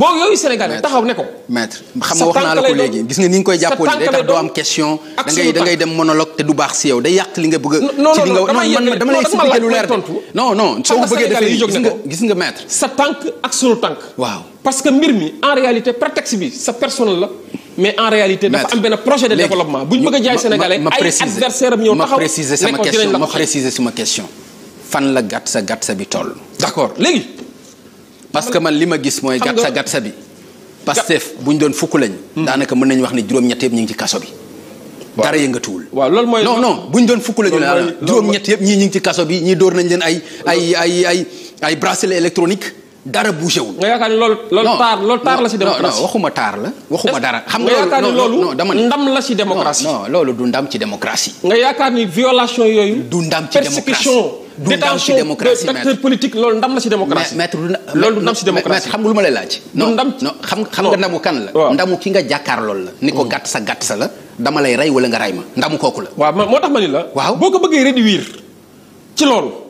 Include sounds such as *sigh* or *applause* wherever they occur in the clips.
boo yooyu sénégalais taxaw ne ko. maître xam nga wax naa la ko léegi gis nga ni nga koy jàppoo nii day tax doo am question. da dem monologue te du baax si yow day yàq li nga bëgg a. non non non soo bëggee defee nga gis nga maître. sa tànk ak sunu tànk. waaw parce que mbir mi en réalité prétexte bi sa personnel la. mais en réalité dafa am benn projet de développement bu ñu bëgg a jaay sénégalais ay adversaire am ñëw taxaw ma préciser sama question ma préciser sama question fan la gat sa gat sa bi toll d'accord léegi parce que man li ma gis mooy gatsa gatsa bi Pastef bu ñu doon fukk lañ hmm. daanaka mën nañu wax ne juróom-ñett yëpp ñu ngi ci kaso bi dara waaw loolu mooy non non bu doon fukk lañu la juróom-ñett yëpp ñii ñu ngi ci kaso bi ñii dóor nañ leen ay ay ay ay ay bracelet électronique dara bougé wul. nga yaakaar ni loolu. loolu taar taar la ci démocratie. non waxuma taar la waxuma dara. xam nga yaakaar ni ndam la ci démocratie. non loolu du ndam ci démocratie. nga yaakaar ni violation yooyu. détention d'acteur politique loolu ndam la ci démocratie. maître loolu du ndam ci démocratie. xam nga lu ma lay laaj. non xam oh. nga ndamu kan la. Oh. ndamu ki nga jàkkaar loolu la. ni ko mm. gàtt sa gàtt sa la dama lay rey wala nga rey ma ndamu kooku la. waaw moo tax ma ni la. waaw boo ko bëggee réduire ci loolu.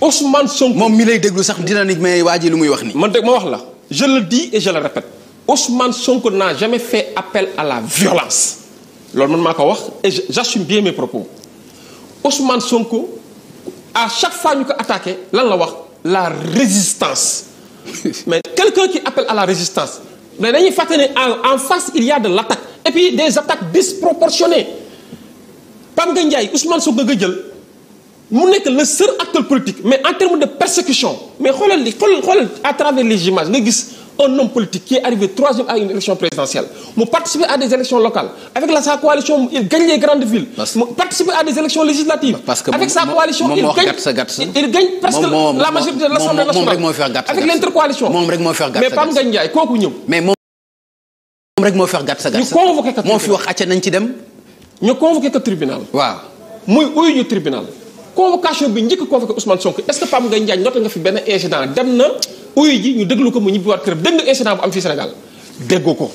Ousmane Sonko. moom mi lay déglu sax dina ni mais waa ji lu muy wax nii. man de ma wax la je le di et je le répète Ousmane Sonko n'a jamais fait appel à la violence loolu man maa ko wax et j'assume bien mes propos Ousmane Sonko à chaque fois ñu ko attaqué lan la wax la résistance *laughs* mais quelqu'un qui appelle à la résistance mais dañuy fàttali ne en face il y a de l'attaque et puis des attaques disproportionnées Pape Ngagne Ndiaye Ousmane Sonko nga jël. mu nekk le seul acteur politique mais en termes de persécution mais xoolal li xoolal xoolal à travers les images nga gis un homme politique qui est arrivé troisième à une élection présidentielle mu participer à des élections locales avec la sa coalition il gagne les grandes villes. mu participer à des élections législatives. avec sa coalition il gagne presque la majorité de l'Assemblée nationale avec l'intercoalition moom rek convocation bi njëkk convoqué Ousmane Sonko est ce que Pape Ngagne Ndiaye noté nga fi benn incident dem na uyu ji ñu déglu ko mu ñibbiwaat këram dégg nga incident bu am fii Sénégal déggoo ko.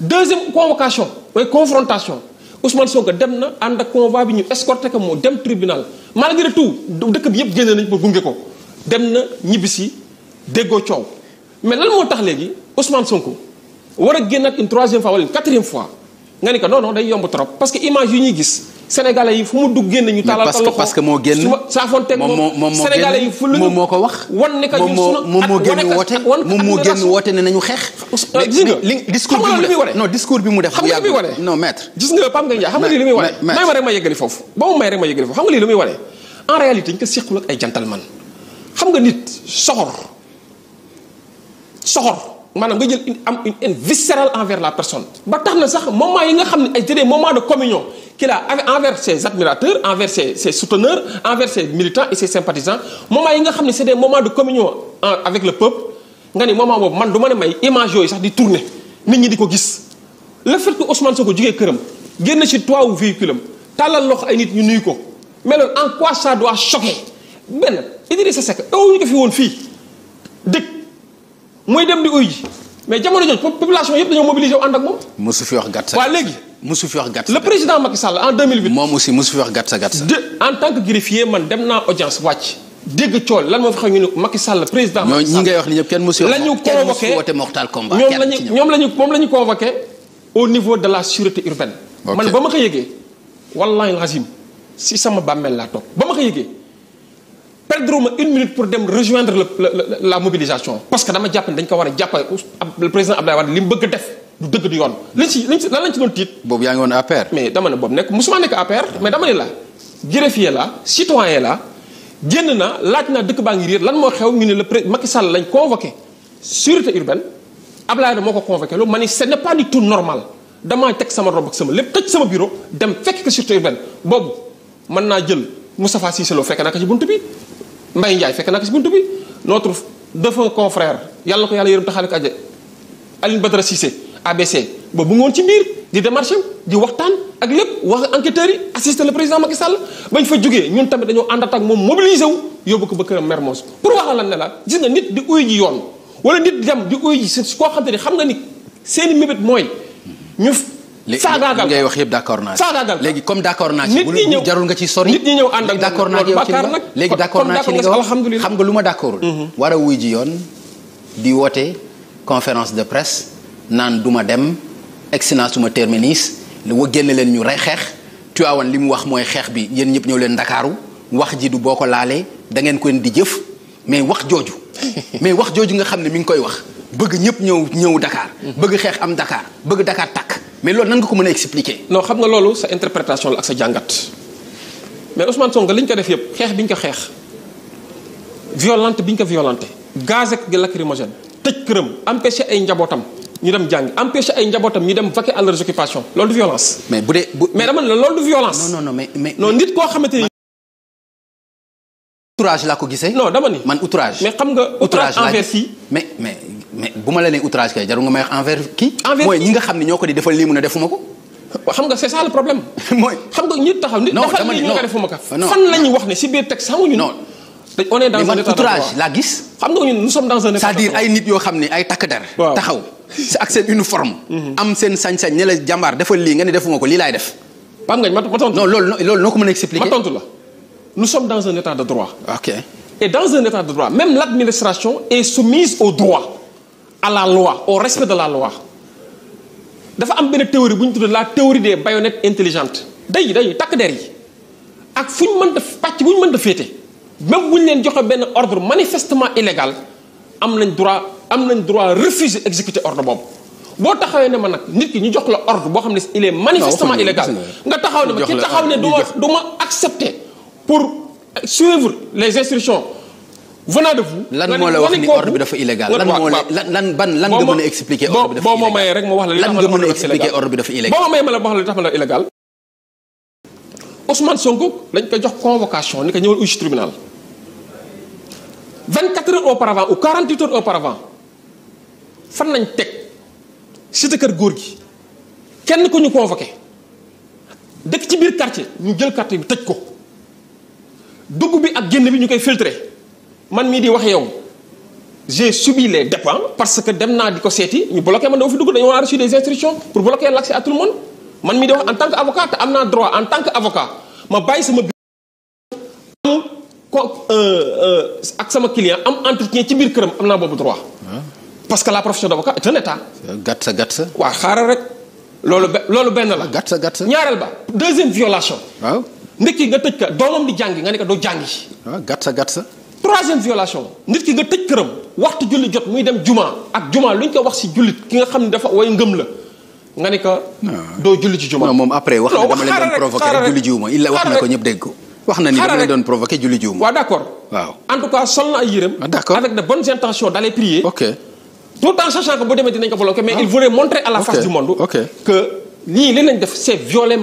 deuxième convocation mooy confrontation Ousmane Sonko dem na ànd ak bi ñu escorté ko moo dem tribunal malgré tout dëkk bi yëpp génne nañ pour gunge ko dem na ñibbisi déggoo coow mais lan moo tax léegi Ousmane Sonko war a génnaat une troisième fois wala une fois nga ni ko non non day parce que image yu ñuy gis. sénégalais yi fu mu dugg génn ñu talal parce que moo génn saafonteeg moom sénégalais yi fu lu moom moo ko wax wan ne ka ñu sunu moom moo génn moom moo génn woote ne nañu xeex gis nga li discours bi mu def non discours bi mu def xam nga li muy xam nga lii li muy wane may ma rek ma yëgali foofu ba mu may rek ma yëgali foofu xam nga lii li muy wane en réalité ñu ko séqul ak ay gentleman xam nga nit soxor soxor maanaam nga jël une am une haine viscérale envers la personne. ba tax na sax moment yi nga xam ne ay jëlee moment de communion qu'il a envers ses admirateurs envers ses ses souteneurs envers ses militants et ses sympathisants moment yi nga xam ne c'est des de communion avec le peuple nga ni moment boobu man du ma ne may image yooyu sax di tourner nit ñi di ko gis. le fait que Ousmane Sonko jugee këram génn ci toit wu véhicule am tàllal loxo ay nit ñu nuyu ko mais loolu en quoi ça doit choquer fi woon fii mooy dem di uy ji mais jamono jooju population yëpp dañoo mobiliser u ànd ak moom. mosu fi wax gàtt. waaw léegi sa gàtt. de en tant que greffier man dem naa audience wàcc. dégg cool lan moo fa xew ñu ne Macky Sall président. Macky Sall ñi ngay wax ni ñëpp kenn mosu. la ñu convoqué woote mortal combat ñoom la ñu ñoom la ñu moom la ñu convoqué au niveau de la sûreté urbaine. man ba ma ko yëgee. wallaahi lazim si sama bàmmeel laa toog ba ma ko yëgee perdre dem rejoindre la la mobilisation parce que dama jàpp ne dañ ko war a jàppale le président Abdoulaye Wade li mu bëgg def du dëgg du yoon liñ ci liñ lan lañ ci doon tiit. boobu yaa ngi woon APR. mais dama ne boobu nekk musuma nekk APR mais dama ne la greffier la citoyen la génn naa laaj naa dëkk baa ngi réer lan moo xew ñu ne le pré Macky Sall lañ convoqué sûreté urbaine Abdoulaye Wade moo ko convoqué loolu ma ne ce n'est pas du tout normal damaa teg sama robe ak sama naa jël Moustapha Cissé Lo fekk naa ko ci buntu bi. Mbaye Ndiaye fekk naa ko si buntu bi notre dafa confrère yàlla ko yàlla yërëm taxaale ko àjja Aline Badara Cissé ABC ba bu ngoon ci biir di démarché di waxtaan ak lépp wax enquêteurs yi assister le président Macky Sall bañ fa jógee ñun tamit dañoo ànd ak moom mobilisé wu yóbbu ko ba këram Mermoz pour wax la ne la nga nit di uyu ji yoon wala nit dem di uyu ji si koo xam te ni xam nga ni seeni i mébét mooy saagaagal ngay wax yëpp d'accord naa ci saagaagal léegi comme d'accord naa ci bu jarul nga ci sori nit ñi ñëw ànd ak d'accord naa ci bakkaar nag léegi d'accord naa ci li nga wax alhamdulilah xam nga lu ma d'accordul mhm. war a wuy ji yoon di woote conférence de presse naan du ma dem egsi naa suma terminus wa génn leen ñu rey xeex Tiwaawan li mu wax mooy xeex bi yéen ñëpp ñëw leen ndakaaru wax ji du boo ko laalee dangeen ngeen di jëf mais wax jooju *laughs* mais wax jooju nga xam ne mu ngi koy wax bëgg ñëpp ñëw ñëw Dakar mhm. bëgg xeex am Dakar bëgg Dakar takk mais loolu nan ko mën a expliquer. non xam nga loolu sa interprétation la ak sa jàngat mais Ousmane Sonko li ñu ko def yëpp xeex bi ñu ko xeex violente bi ñu ko violenté. gaz ak lacrymogène tëj këram empêché ay njabootam. ñu dem jàng empêcher ay njabootam ñu dem vaquer à leurs occupations loolu du violence. mais bu dee bu mais dama loolu violence. non mais mais nit koo xamante ni. outrage laa ko gisee. non dama ni man outrage. mais xam nga outrage envers mais mais. bu ma la nee outrage kay jaru nga may wax envers kii. envers mooy ñi nga xam ne ñoo ko di defal lii mu ne defuma ko. xam nga c'est ça le problème. *laughs* mooy xam nga ñi taxaw nit defal lii ñu ko defuma ko. nga nit yoo xam ne ay takk der. taxaw ak seen uniforme. Mhm. am seen sañ-sañ ne la jàmbaar defal lii nga ne defuma ko lii laay def. Pape Ngagne ma tontu non loolu loolu noo ko mën a expliquer. ma tontu la nous sommes dans un à la loi au respect de la loi dafa am benn théorie bu ñu tuddee la théorie des baïonnettes intelligentes day day takk der yi ak fu ñu mën def pàcc bu ñu mën a féete même bu ñu leen joxe benn ordre manifestement illégal am nañ droit am nañ droit refuser exécuter ordre boobu. boo taxawee ne ma nag nit ki ñu jox la ordre boo xam ne il est manifestement illégal nga taxaw ne ma ci taxaw ne du ma du ma accepter pour suivre les instructions. venant de lan moo la wax ni ordre bi dafa illégal lan moo la lan ban lan nga mën a expliquer. ordre bi dafa illégal boo ma ma la a expliquer ordre bi dafa illégal. boo ma li tax ma la illégal. Ousmane Sonko dañ ko jox convocation ni ko ñëwal uji tribunal 24 heures auparavant ou 48 heures fan lañ teg cité kër góor gi kenn ku ñu convoqué dëkk ci biir quartier ñu jël quartier bi tëj ko dugg bi ak génn bi ñu koy filtre man mii di wax yow j'ai subi les dépens parce que dem naa di ko seeti ñu bloqué ma dama fi dugg dañu war a reçu des instructions pour bloquer l'accès à tout le monde man mii di wax en tant que avocat te am naa droit en tant que avocat ma bàyyi sama am ko euh, euh, ak sama client am entretien ci biir këram am naa boobu droit ah. parce que la profession d'avocat est un état. gàtt sa gàtt sa. waa xaaral rek loolu be loolu benn la. gàtt sa gàtt sa ñaareel ba deuxième violation. waaw ndekki nga tëj ka doomam di jàngi nga ne ko doo jàngi. waaw ah, gàtt sa gàtt sa. troisième violation nit ki nga tëj këram waxtu julli jot muy dem juma ak juma lu ñu ko wax si jullit ki nga xam ne dafa way ngëm la nga ne ko. doo julli ci juma. moom après wax na dama leen doon provoqué julli jiwuma il wax ñëpp dégg ko. wax na ni dama leen doon provoqué waaw d' sol na ay yërëm. Ah, d'accord avec de bonnes intentions d' aller prier. ok tout en sachant que boo demee dinañ ko bloqué mais ah. il voulait montrer à la face du monde. que lii li lañ def c' est violer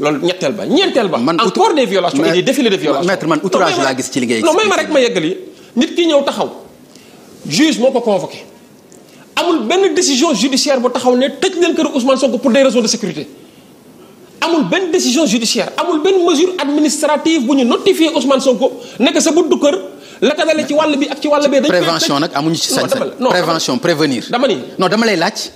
loolu ñetteel ba ñeenteel ba. man encore des violations et des défilés de violations. maître man outrage laa gis ci li ngay non may ma rek ma yeggali nit ki ñëw taxaw juge moo ko convoqué amul benn décision judiciaire bu taxaw ne tëj neen kër Ousmane Sonko pour des raisons de sécurité. amul benn décision judiciaire amul benn mesure administrative bu ñu notifié Ousmane Sonko nekk sa buntu kër. la ko dalee ci wàll bi ak ci wàll bee. dañ prévention nag amuñu ci sañ-sañ. prévention prévenir.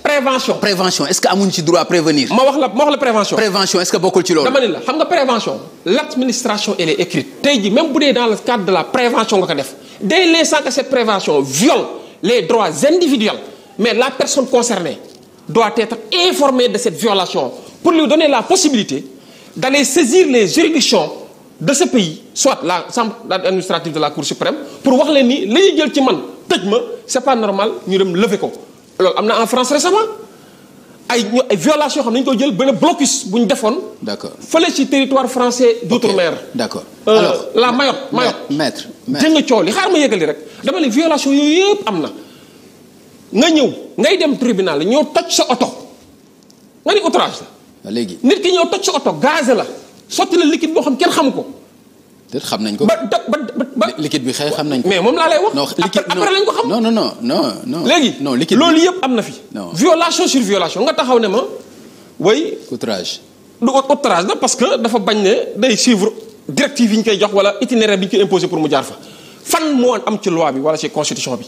prévention prévention est-ce que amuñu ci droit prévenir. ma wax la ma wax la prévention. prévention est-ce que bokkul ci loolu. dama ni la xam nga prévention l'administration elle écrite. tey jii même bu dee dans le cadre de la prévention nga ko def dès l'instant que cette prévention viole les droits individuels mais la personne concernée doit être informée de cette violation pour lui donner la possibilité d'aller saisir les juridictions. de ce pays soit la chambre administrative de la cour suprême pour wax leen ni li jël ci man tëj ma c'est pas normal ñu dem lever ko loolu am na en France récemment ay ñu ay xam ne dañu ko jël benn blocus bu ñu defoon. d'accord fële ci territoire français doutre maire d'accord euh, alors la Mayotte Mayotte. maître maître jëng coow yi xaar ma yëgali rek dama ne violation yooyu yëpp am na. nga ñëw ngay dem tribunal ñëw toj sa oto nga ni outrage la. léegi nit ki ñëw toj sa oto gazé la. sotti la liquide boo xam kenn xamu ko. déet xam nañ ko. ba ba liquide bi xëy xam nañ mais moom laa lay wax. non liquide après lañ ko xam. non non non léegi loolu yëpp am na fi. violation sur violation nga taxaw ne ma. way outrage. du outrage la parce que dafa bañ ne day suivre directive yi ñu koy jox wala itinéraire bi ñu koy imposé pour mu jaar fa fan moo am ci loi bi wala ci constitution bi.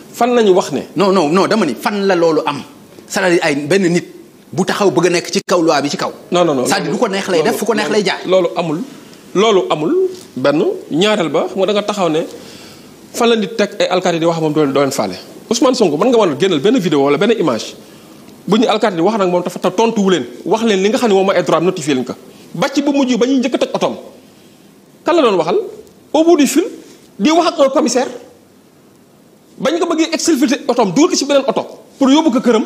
fan lañu wax ne. non non non dama ni fan la loolu am cest à ay benn nit bu taxaw bëgg a nekk ci kaw loi bi ci kaw. non non no cest à du ko neex lay def fu ko neex lay jaay. loolu amul loolu amul benn ñaareel ba xam nga da nga taxaw ne fan la nit teg ay alkaati di wax moom doo leen faale Ousmane Sonko mën nga ma génnal benn vidéo wala benn image bu ñu alkaati di wax nag moom dafa ta tontuwu leen wax leen li nga xam ne moom mooy ay droit notifié leen ko bàcc bu mujj ba ñuy njëkk a toj kan la doon waxal au bout du fil bañ ko bëggee exfiltré otoom dugal ko ci beneen oto pour yóbbu ko këram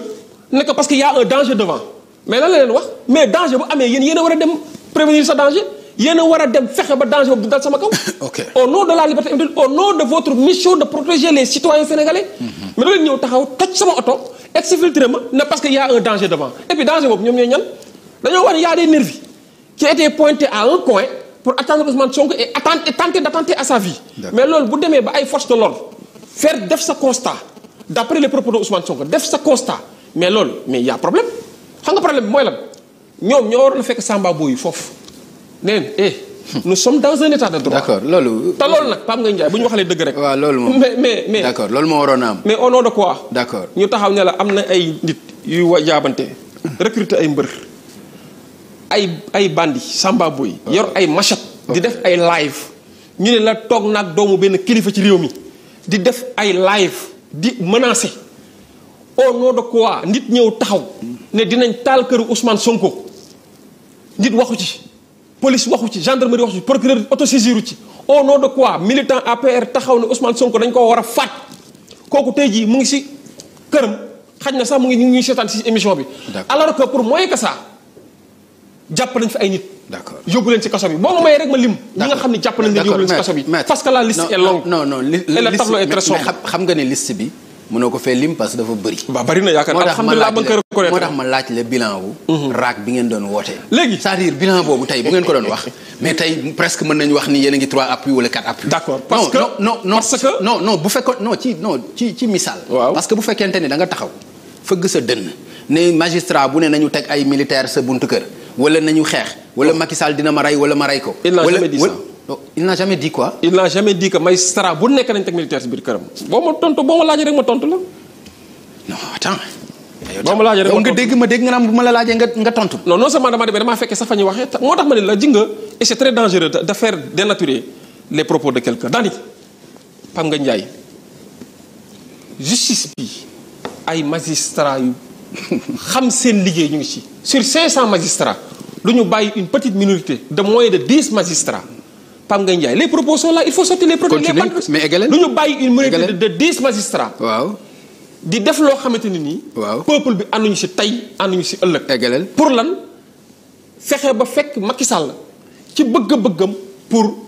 ne ko parce que y a danger devant mais la leen wax mais danger bu amee yéen yéen war a dem prévenir sa danger yéen war a dem fexe ba danger boobu *coughs* du protéger les citoyens sénégalais. Mm-hmm. mais da ñëw taxaw toj sama oto exfiltré ma ne parce que y a un danger devant et danger boobu ñoom ñooy ñan dañoo war y a des nervis qui étaient à un coin pour attendre Ousmane Sonko et attenter demee ba ay forces faire def sa constat d'après le propos de Ousmane Sonko def sa constat mais loolu mais y a problème xam nga problème bi mooy lan ñoom ñoo waroon a fekk Samba yi foofu nee na eh hmm. nous sommes dans un état de droit. loolu. te loolu nag Pape Ngagne Ndiaye bu ñu waxalee dëgg rek. waaw loolu moom mais mais loolu moo waroon am. mais au nom de quoi. d'accord ñu taxaw ne la am na ay nit yu wa jaabante. recruter ay mbër ay ay bandi ay machette. di def ay live ñu ne la toog naag doomu benn kilifa ci réew mi. di def ay live di menacer au de quoi nit ñëw taxaw ne dinañ taal këru Ousmane Sonko nit waxu ci police waxu ci gendarmerie waxu ci procureur autosaisiru ci au nom de quoi militant APR taxaw ne Ousmane Sonko dañ koo war a faat kooku tey jii mu ngi si këram xaj na sax mu ngi ñuy seetaan si émission bi alors que pour mooy que ça jàpp nañ fi ay nit d'accord yóbbu leen ci kaso bi boo mayee rek ma lim. ñi nga xam ne jàpp nañ ne yóbbu leen ci xam nga ne liste bi. mënoo ko fee lim parce dafa bëri. moo tax ma laaj la bilan wu. Mhm. raak bi ngeen doon woote. léegi cest bilan boobu tey bu ngeen ko doon wax. mais tey presque mën nañu wax ni yéen a ngi trois appui wala quatre appui. d'accord parce que non bu fekkoon non ci ci misaal. waaw bu fekkente ne da nga taxaw fëgg sa dënn ne magistrat bu ne nañu teg ay militaire wala nañu xeex wala oh. Macky Sall dina ma rey wala ma rey ko. il n'a jamais dit ça il n'a jamais dit quoi. il bu nekk nañ teg militaire si biir këram. boo ma tontu boo ma laajee rek ma tontu la. non attends. boo ma laajee rek ma nga dégg ma dégg nga naan bu ma la laajee nga nga tontu. non non seulement demee damaa fekkee sax fa waxee moo tax ma ne la ji nga et c'est très dangereux de faire dénaturer les propos de quelqu'un daal di Pam nga njaay justice bi ay magistrats xam seen liggéey ñu ngi ci sur 500 magistrats lu ñu bàyyi une petite minorité de moins de 10 magistrats Pam Ngagne Ndiaye les propos sont là il faut sortir les propos les bandes mais égale lu ñu bàyyi une minorité de 10 magistrats di def loo xamante ne nii waaw peuple bi ñu si tey ñu si ëllëg égale pour lan fexe ba fekk Macky Sall ci bëgg-bëggam pour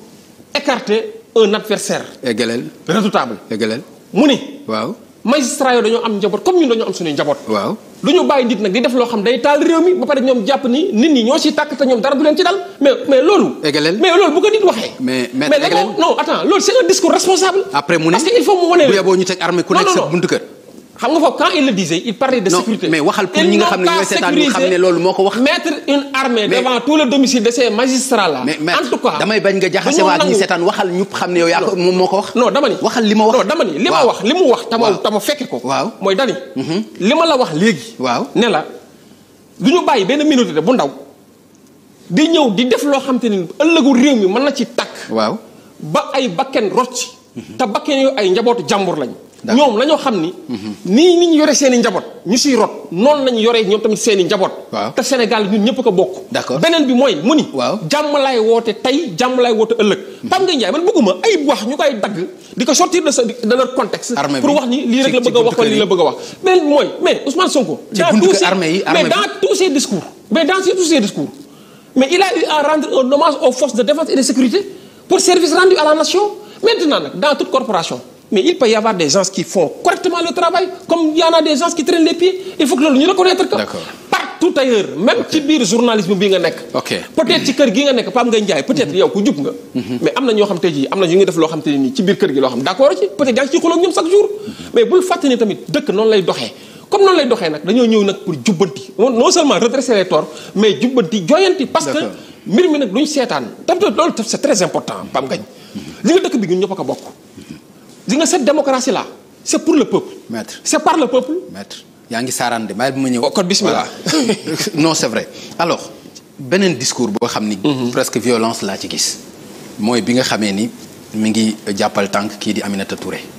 écarte un adversaire égaleel redoutable égaleel mu ni magistrat yooyu dañoo am njaboot comme ñun dañoo am suñu njaboot waaw du ñu bàyyi nit nag di def loo xam day taal réew mi ba pare ñoom jàpp ni nit ñi ñoo si tàkk te ñoom dara du leen ci dal mais mais loolu mais loolu bu nit waxee mais mais non attends loolu c'est un discours responsable après mu ne parce que mu wane bu yeboo ñu teg armée ku nekk sa buntu kër xam nga foofu quand il le disait il parlait de sécurité. mais waxal pour ñi nga xam ne ñooy seetaan ñu xam ne loolu moo ko wax. mettre une armée devant tout domicile de ces magistrats là. en damay bañ nga jaxase waaw mooy dani. Mhm. li ma la wax léegi. waaw ne la du ñu bàyyi benn minute de bu ndaw di ñëw di def loo xam te ni ëllëgu réew mi mën na ci takk. waaw ba ay bakken rocc. Mhm. te bakken yooyu ay njabootu jàmbur lañu ñoom la ñoo xam ni. Mm-hmm. nii ni ñu yore seen i njaboot ñu siy rot noonu la yore ñoom tamit seen i njaboot. te Sénégal ñun ñëpp ko bokk. d'accord beneen bi mooy mu ni. waaw jàmm laay woote tey jàmm laay woote ëllëg. Mm-hmm. Pape Ngagne Ndiaye man bëgguma ay wax ñu koy dagg di ko sortir de sa de leur contexte. pour wax ni lii rek la bëgg a wax wala lii la bëgg a wax. beneen mooy mais Ousmane Sonko. ci buntu kër yi mais dans tous ses discours. mais dans tous ses discours mais il a eu à rendre un mais il peut y avoir des qui font correctement le travail comme il y en a des gens qui traînent les il faut loolu ñu reconnaître que partout ailleurs même ci biir journalisme bi nga nekk peut-être ci kër gi nga nekk Pape Ngagne Ndiaye peut-être yow ku jub nga mhm. mais am na ñoo xam te ji am na ñu ngi def loo xam te nii ci biir kër gi loo xam d'accord ci peut-être yaa ngi ci xuloo ak ñoom chaque jour mhm. mais bul fàttali tamit dëkk noonu lay doxee comme noonu lay doxee seetaan tamit loolu c'est très important Pape Ngagne mhm. di nga cette démocratie là c'est pour le peuple. maître c'est par le peuple. maître yaa ngi saaraan de maa ma ñëw. kon oh, bismillah *laughs* non c'est vrai alors beneen discours boo xam ni. Mhm. presque violence laa ci gis. mooy bi nga xamee ni mu ngi jàppal tànk kii di Aminata Touré.